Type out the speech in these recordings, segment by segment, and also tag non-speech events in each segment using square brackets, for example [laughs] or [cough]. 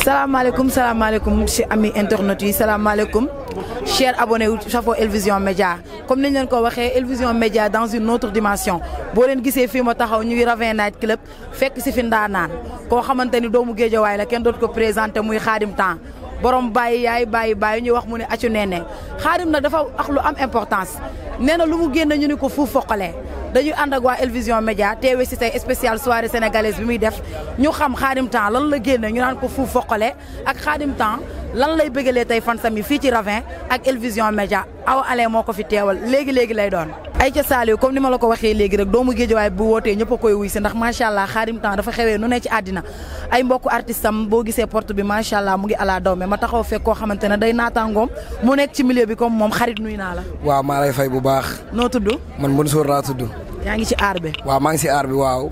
salaamaaleykum salaamaaleykum chers amis internautes yi salaamaaleykum chers abonnés wu Safo Elvision Média comme ni ñu leen ko Elvision Média dans une autre dimension boo leen gisee fii ma taxaw ñu ngi Night Club fekk si fi ndaanaan koo xamante ni doomu géejawaay la kenn dootu ko présenté muy Khadim Temps borom baye yaay baye baye ñu wax mu ne accu nee ne Khadim n'a dafa wax lu am importance nee lu mu génn ñu ni ko fu foqalee dañuy àndak ak waa Elvision Média teewe si tey spécial soirée sénégalaise bi muy def ñu xam Khadim Temps lan la génne ñu ko fu foqale ak Khadim Temps lan lay bëggalee tey fan sami fii ci Ravin ak Elvision Média aw ale moo ko fi teewal léegi léegi lay doon. ay ca Saliou comme ni ma la ko waxee léegi rek doomu géejawaay bu wootee ñëpp a koy wuy si ndax macha allah Khadim Temps dafa xewee nu ne ci àddina ay mbokku artiste am boo gisee porte bi macha allah mu ngi ala daw mais ma taxaw fekk koo xamante ne day naataangoom mu nekk ci bi comme moom xarit nuy naa la. waaw maa fay bu baax. noo tudd. man Mansour laa tudd. yaa ngi ci aar bi. waaw maa ngi si aar bi waaw.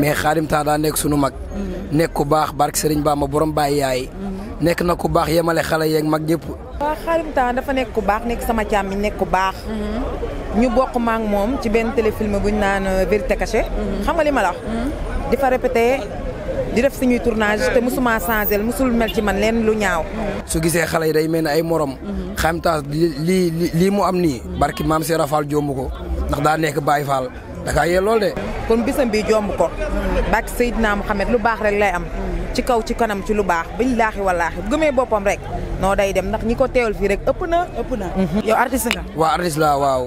mais xaadim taa daa nekk suñu mag. Mm-hmm. nekk ku baax barke Sëriñ ma borom bàyyi yaay. Mm-hmm. nekk na ku baax yemale xale yeeg mag ñëpp. waaw xaadim taa dafa nekk ku baax nekk sama càmmiñ nekk ku baax. Mm-hmm. ñu bokk ma moom ci benn téléfilm bu ñu naan euh, vérité cachée. xam nga ma la wax. di fa répété di def suñuy tournage te mosuma changé mosul mel ci man leen lu ñaaw. su gisee xale yi day mel ne ay morom. xaadim taa lii lii mu am nii. barki maam si Rafal jomb ko. ndax daa nekk Baye Fall da kaa yee lool de. kon bisam bi jomb ko bak Seydina Mouhamed lu baax rek lay am ci kaw ci kanam ci lu baax billaahi wa bu gëmee boppam rek noo day dem ndax ñi ko teewal fii rek ëpp na ëpp na. Mhm. nga. waaw artiste laa waaw.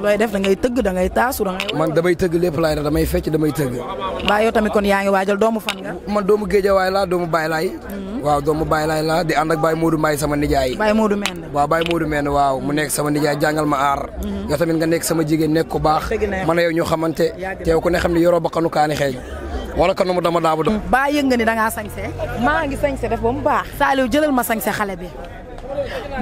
looy def da ngay tëgg da ngay taasu da ngay. man damay tëgg lépp laay def damay fecc damay tëgg. waaw yow tamit kon yaa ngi waajal doomu fan nga. man doomu géejawaay laa doomu baay laay. Mm-hmm. waaw doomu baay laay laa di ànd ak Baye Modou Mbaye sama nijaay. Baye Modou Mende. waaw Baye waaw mu nekk sama nijaay jàngal ma aar. Mm-hmm. yow tamit nga nekk sama jigéen nekk u baax. man a yow ñu xamante teew ku ne xam ne yoroo ba kanu kaani xeeñ wala kan mu dama daabu. baa yëg nga ni da ngaa sañse maa ngi sañse def ba mu baax. Saliou jëlal ma sañse xale bi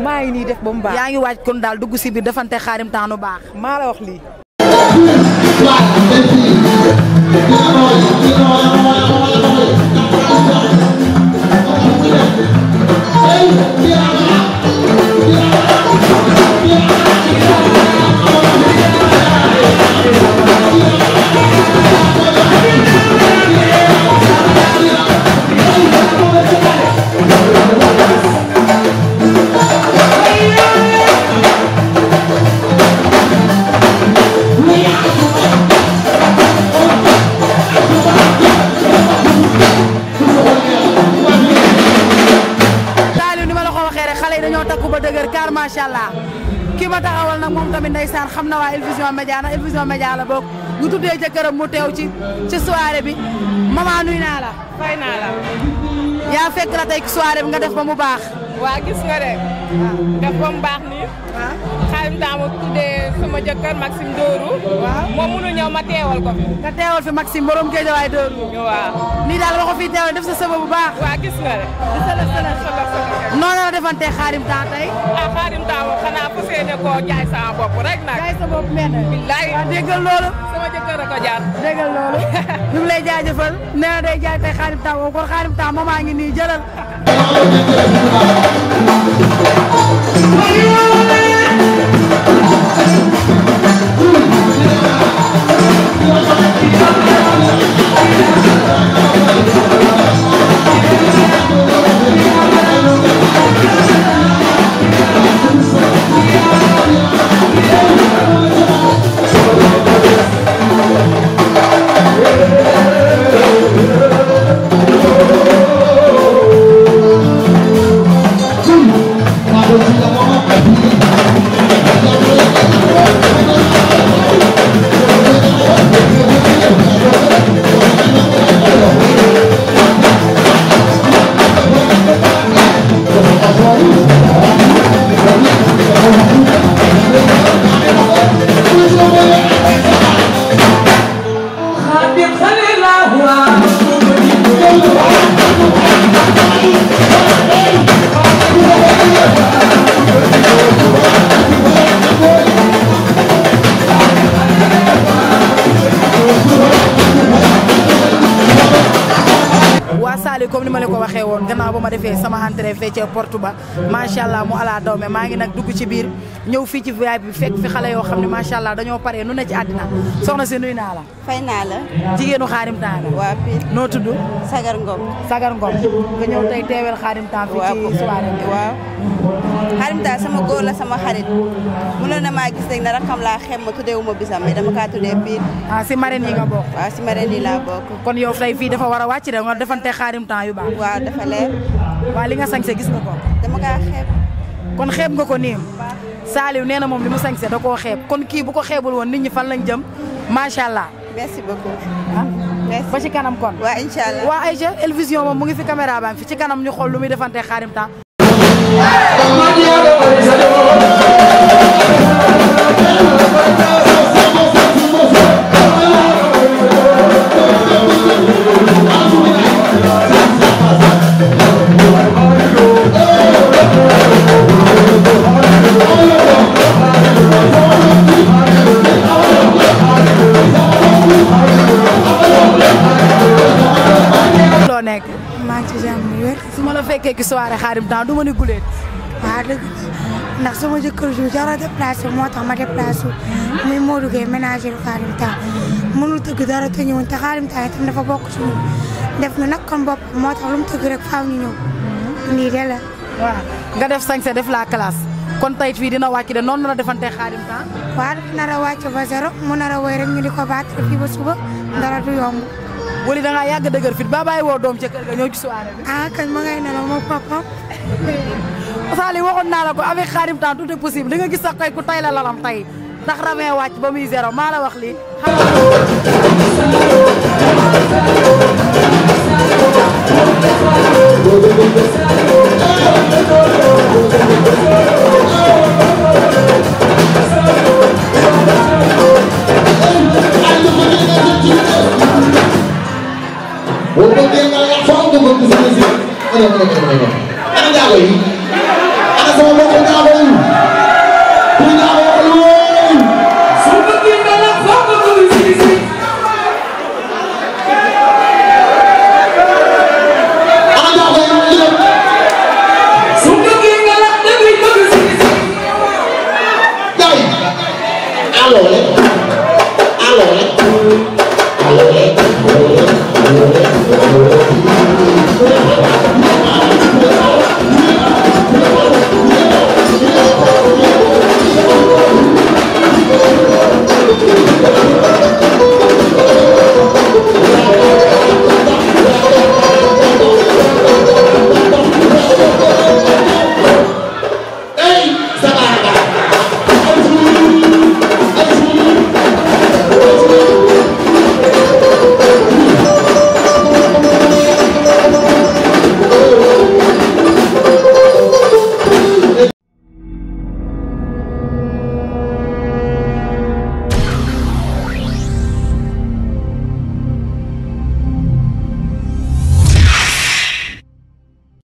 maa ngi nii def ba mu baax. yaa ngi waaj kon daal dugg si biir defante xaarim taanu baax. maa la wax lii. taxawal nag moom tamit ndeysaan xam na waa El Vision Médias ndax El Vision Médias la bokk ñu tuddee jëkkëram mu teew ci ci soirée bi maman nuy naa la. yaa fekk la tey soirée bi nga def ba mu baax. waa gis nga de. Ah. def ba mu baax nii. waaw ah. xayma daa ma tuddee sama jëkkër Maxime Dóoru. waaw moom mënul ñëw ma teewal ko fi. nga teewal fi Maxime borom Géejawaay Dóoru. waaw nii daal waxo fi teewal def sa sëba bu baax. waaw gis nga rek. di sëla sëla sëla sëla. noonu la xaarim temps tey. ah seene koo jaay sama bopp rek nag. jaay sa bopp mel na. billaay waaw déggal loolu. sama jëkkër a ko jaar. déggal loolu. [laughs] ñu ngi lay jaajëfal nee na day jaay tey ngi nii jëlal. ni ma la ko waxee woon gannaaw ba ma defee sama entrée fee ca porte ba allah mu ala daw me maa ngi nag dugg ci biir ñëw fii ci VIP bi fekk fi xale yoo xam ne macha allah dañoo pare nu ne ci àddina soxna si nuy naa la. fay naa la. jigéenu xaarim temps la. waa fii noo tudd. Sagar Ngom. Sagar Ngom nga ñëw tey teewel xaarim temps. waaw fii ci soirée xarim daal sama góor la sama xarit mënoon na maa gis rek ne rakam laa xem ma tuddee wu ma bisam mais dama kaa tuddee piir. ah si marraine yi nga bokk. waaw si marraine yi laa bokk. kon yow tey fii dafa war a wàcc de nga defante xarim temps yu baax. waaw dafa leer. waaw li nga sañse gis nga ko. dama kaa xeeb. kon xeeb nga ko nii. Saliou nee na moom li mu sañse da koo xeeb kon kii bu ko xeebul woon nit ñi fan lañ jëm macha allah. merci beaucoup. Ah, merci ba ci kanam kon. waaw incha allah waa Aïcha El mu ngi fi caméra baa ci kanam ñu xool lu muy defante xaarim temps loo nekk. maa ngi ci jàmm bu wér. ma la fekkee ci soirée xaarim temps du ma ni guleet. waaw dëgg ndax sama jëkkër ju jar a déplacé moo tax ma déplacé muy Modou Gueye ménager xaarim temps mënul tëgg dara te ñëwoon te xaarim temps itam dafa bokk ci ñun def na nag comme bopp moo tax lu mu tëgg rek faaw ñu ñëw. nii mhm. de nga def sañse def la classe kon tey fii dina wàcc de noonu la defante xaarim temps. waaw nar a wàcc ba zéro ba suba mhm. dara du yomb. woli da ngaa yàgg dëgër fit ba bàyyi woo doom ca kër ga ñëw ci soirée bi. ah kañ ma ngay nelaw moom papa. [laughs] Sali waxoon naa la ko avec Khadim Temps tout est possible di nga gis sax kay ku tay la lalam tay ndax ravin wàcc ba muy zéro maa la wax lii. ana jaago yi